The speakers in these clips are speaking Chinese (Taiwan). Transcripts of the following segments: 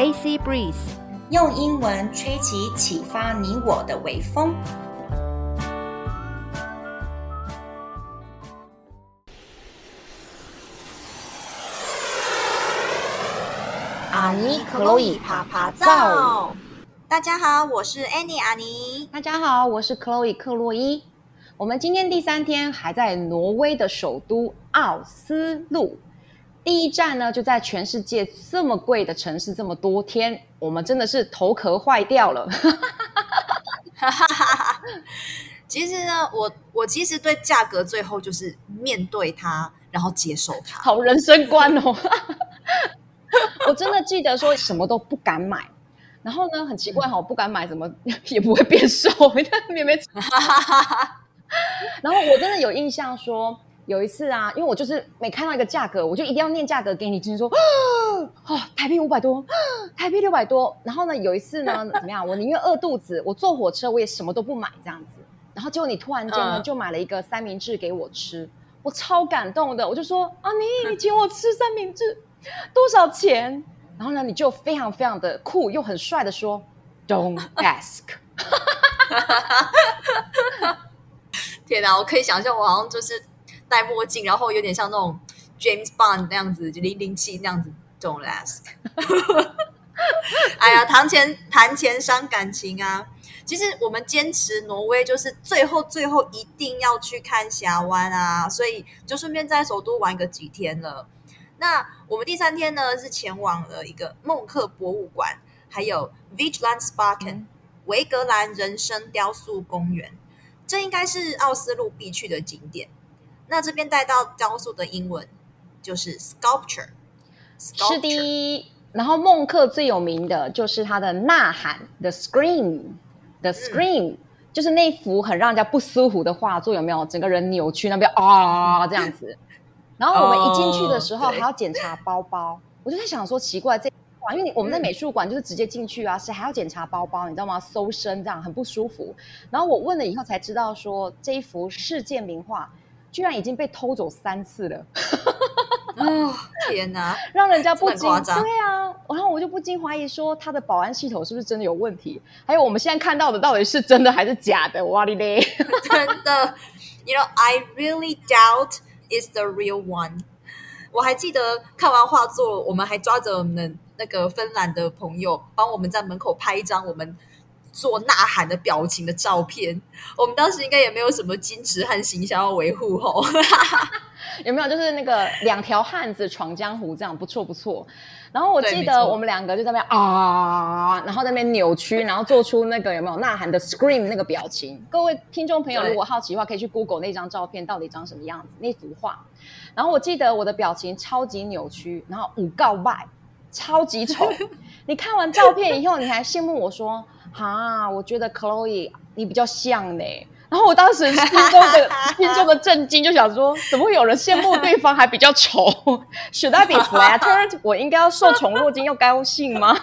AC Breeze，用英文吹起啟發你我的微風。阿尼、克洛伊，趴趴造！大家好，我是 Annie 阿尼。大家好，我是 Chloe 克洛伊。我們今天第三天，還在挪威的首都奧斯陸。第一站呢，就在全世界這麼貴的城市，這麼多天，我們真的是頭殼壞掉了。 其實呢，我我其實對價格最後就是面對它，然後接受它。好人生觀哦！ 我真的記得說什麼都不敢買，然後呢，很奇怪哈、哦，我不敢買怎麼也不會變瘦， 也沒哈吃， 然後我真的有印象說。有一次啊，因為我就是每看到一個價格，我就一定要念價格給你。就是說啊，台幣五百多，啊，台幣六百多。然後呢，有一次呢，怎麼樣？我寧願餓肚子，我坐火車我也什麼都不買這樣子。然後結果你突然間呢，就買了一個三明治給我吃，嗯，我超感動的。我就說，啊，你，你請我吃三明治，多少錢？ 然後呢，你就非常非常的酷又很帥的說 ，Don't ask 。 天哪，我可以想象我好像就是。戴墨鏡，然後有點像那種 James Bond 那樣子，就零零七那樣子 don't ask 哎呀，談錢談錢傷感情啊！其實我們堅持挪威，就是最後最後一定要去看峽灣啊，所以就順便在首都玩個幾天了。那我們第三天呢，是前往了一個孟克博物館，還有 Vigelandsparken 維格蘭人生雕塑公園，這應該是奧斯陸必去的景點。那這邊帶到雕塑的英文就是 sculpture，sculpture 是的。然後孟克最有名的就是他的吶喊，the scream，the scream，、嗯、就是那幅很讓人家不舒服的畫作，有沒有？整個人扭曲那邊啊、哦、這樣子。 然後我們一進去的時候、oh, 還要檢查包包，我就在想說奇怪，這因為我們在美術館就是直接進去啊，是、嗯、還要檢查包包？你知道嗎？搜身這樣很不舒服。然後我問了以後才知道說這一幅世界名畫。居然已經被偷走三次了、嗯！天哪、啊， 讓人家不禁、欸、對啊，然後我就不禁懷疑說，他的保安系統是不是真的有問題？還有，我們現在看到的到底是真的還是假的？哇哩嘞！ 真的，You know, I really doubt it's the real one。我還記得看完畫作，我們還抓着我們那個芬蘭的朋友，幫我們在門口拍一張我們。做吶喊的表情的照片，我們當時應該也沒有什麼矜持和形象要維護，吼， 有沒有？就是那個兩條漢子闖江湖，這樣不錯不錯。然後我記得我們兩個就在那邊啊，然後在那邊扭曲，然後做出那個有沒有吶喊的 scream 那個表情。各位聽眾朋友，如果好奇的話，可以去 Google 那張照片到底長什麼樣子，那幅畫。然後我記得我的表情超級扭曲，然後五告外，超級醜。 你看完照片以後，你還羨慕我說。啊，我覺得 Chloe 你比較像呢、欸。然後我當時心中的 心中的震驚就想說，怎麼會有人羨慕對方還比較醜 ？Should I be flattered？我應該要受寵若驚又高興嗎？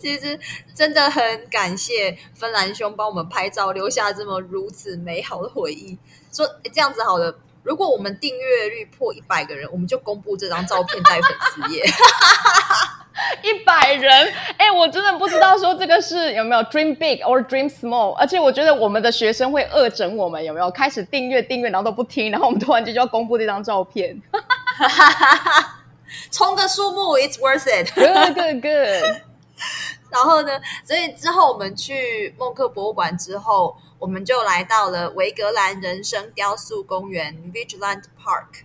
其實真的很感謝芬蘭兄幫我們拍照，留下這麼如此美好的回憶。說這樣子好的，如果我們訂閱率破一百個人，我們就公布這張照片在粉絲頁。 一百人，哎、欸，我真的不知道說這個是有沒有 dream big or dream small。而且我覺得我們的學生會惡整我們，有沒有？開始訂閱訂閱，然後都不聽，然後我們突然間就要公布這張照片，哈哈哈哈哈。衝個數目，it's worth it。Good, good, good。 然後呢？所以之後我們去孟克博物館之後，我們就來到了維格蘭人生雕塑公園 （Vigeland Park）。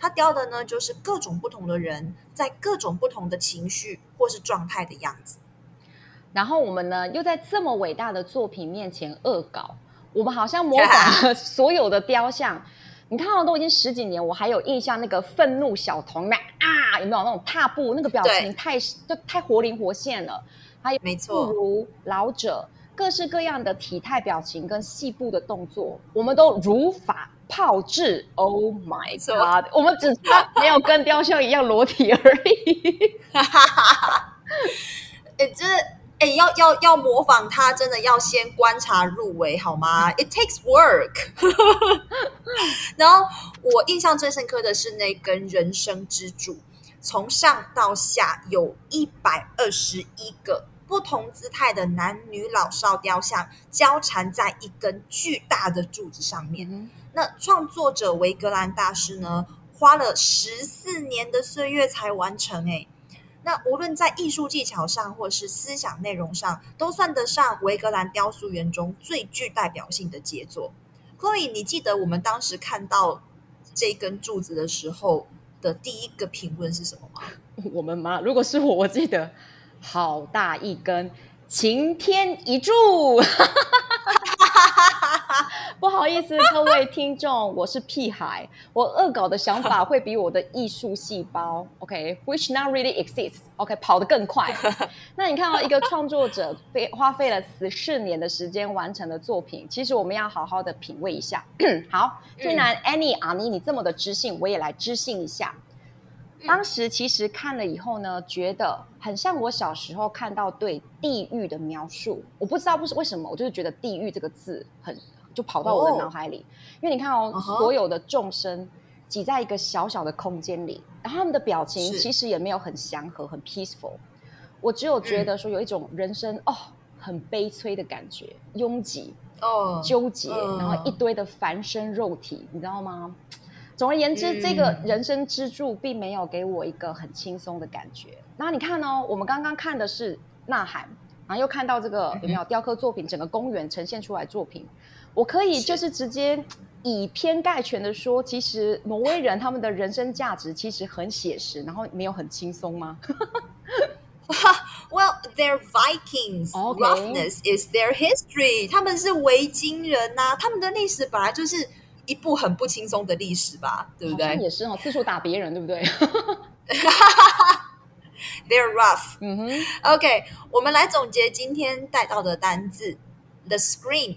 他雕的呢，就是各種不同的人，在各種不同的情緒或是狀態的樣子。然後我們呢，又在這麼偉大的作品面前惡搞，我們好像模仿所有的雕像。你看到都已經十幾年，我還有印象那個憤怒小童，那啊，有沒有那種踏步，那個表情太就太，太活靈活現了。還有，沒錯，不如老者，各式各樣的體態表情跟細部的動作，我們都如法炮製！Oh my God！我們只差沒有跟雕像一樣裸體而已。 哎、 欸，就是哎、欸，要要要模仿他，真的要先觀察入微，好嗎？It takes work。 然後我印象最深刻的是那根人生之柱，從上到下有一百二十一個不同姿態的男女老少雕像交纏在一根巨大的柱子上面。嗯那創作者維格蘭大師呢，花了十四年的歲月才完成誒、欸，那無論在藝術技巧上，或是思想內容上，都算得上維格蘭雕塑園中最具代表性的傑作。c 以 l o 你記得我們當時看到這根柱子的時候的第一個評論是什麼嗎？我們嗎？如果是我，我記得好大一根晴天一柱。 不好意思，各位聽眾，我是屁孩，我惡搞的想法會比我的藝術細胞，OK，which、okay, not really exists，OK，、okay, 跑得更快， 那你看到一個創作者費花費了十四年的時間完成的作品，其實我們要好好的品味一下。 好，雖然 Annie 阿尼，你這麼的知性，我也來知性一下、嗯。當時其實看了以後呢，覺得很像我小時候看到對地獄的描述。我不知道不是為什麼，我就是覺得地獄這個字很。就跑到我的腦海裡，oh. 因為你看哦，uh -huh. 所有的眾生擠在一個小小的空間裡，然後他們的表情其實也沒有很祥和、很 peaceful。我只有覺得說有一種人生、嗯、哦，很悲催的感覺，擁擠哦，oh. 糾結，oh. 然後一堆的凡身肉體，你知道嗎？總而言之，mm. 這個人生支柱並沒有給我一個很輕鬆的感覺。那你看哦，我們剛剛看的是吶喊，然後又看到這個有沒有雕刻作品，整個公園呈現出來作品。我可以就是直接以偏概全的說，其實挪威人他們的人生價值其實很寫實，然後沒有很輕鬆嗎 ？Well, they're Vikings.、Okay. Roughness is their history. 他們是維京人吶、啊，他們的歷史本來就是一部很不輕鬆的歷史吧，對不對？也是哦，四處打別人，對不對 ？They're rough.、Mm -hmm. OK，我們來總結今天帶到的單字 The Scream.